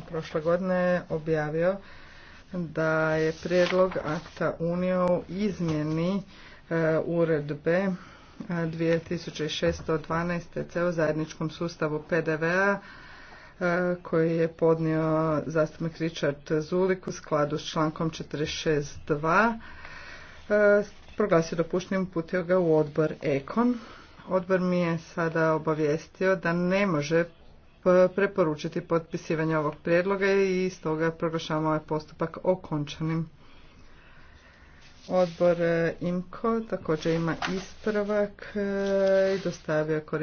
prošle godine objavio da je prijedlog akta unio u izmjeni e, uredbe 2612 e, EC zajedničkom sustavu PDV-a e, koji je podnio zastupnik Richard Zulik u skladu s člankom 46.2 proglasio dopuštenim putio ga u odbor Ekon. Odbor mi je sada obavijestio da ne može preporučiti potpisivanje ovog prijedloga i stoga proglašavamo ovaj postupak okončanim. Odbor eh, IMKO također ima ispravak eh, i dostavio ko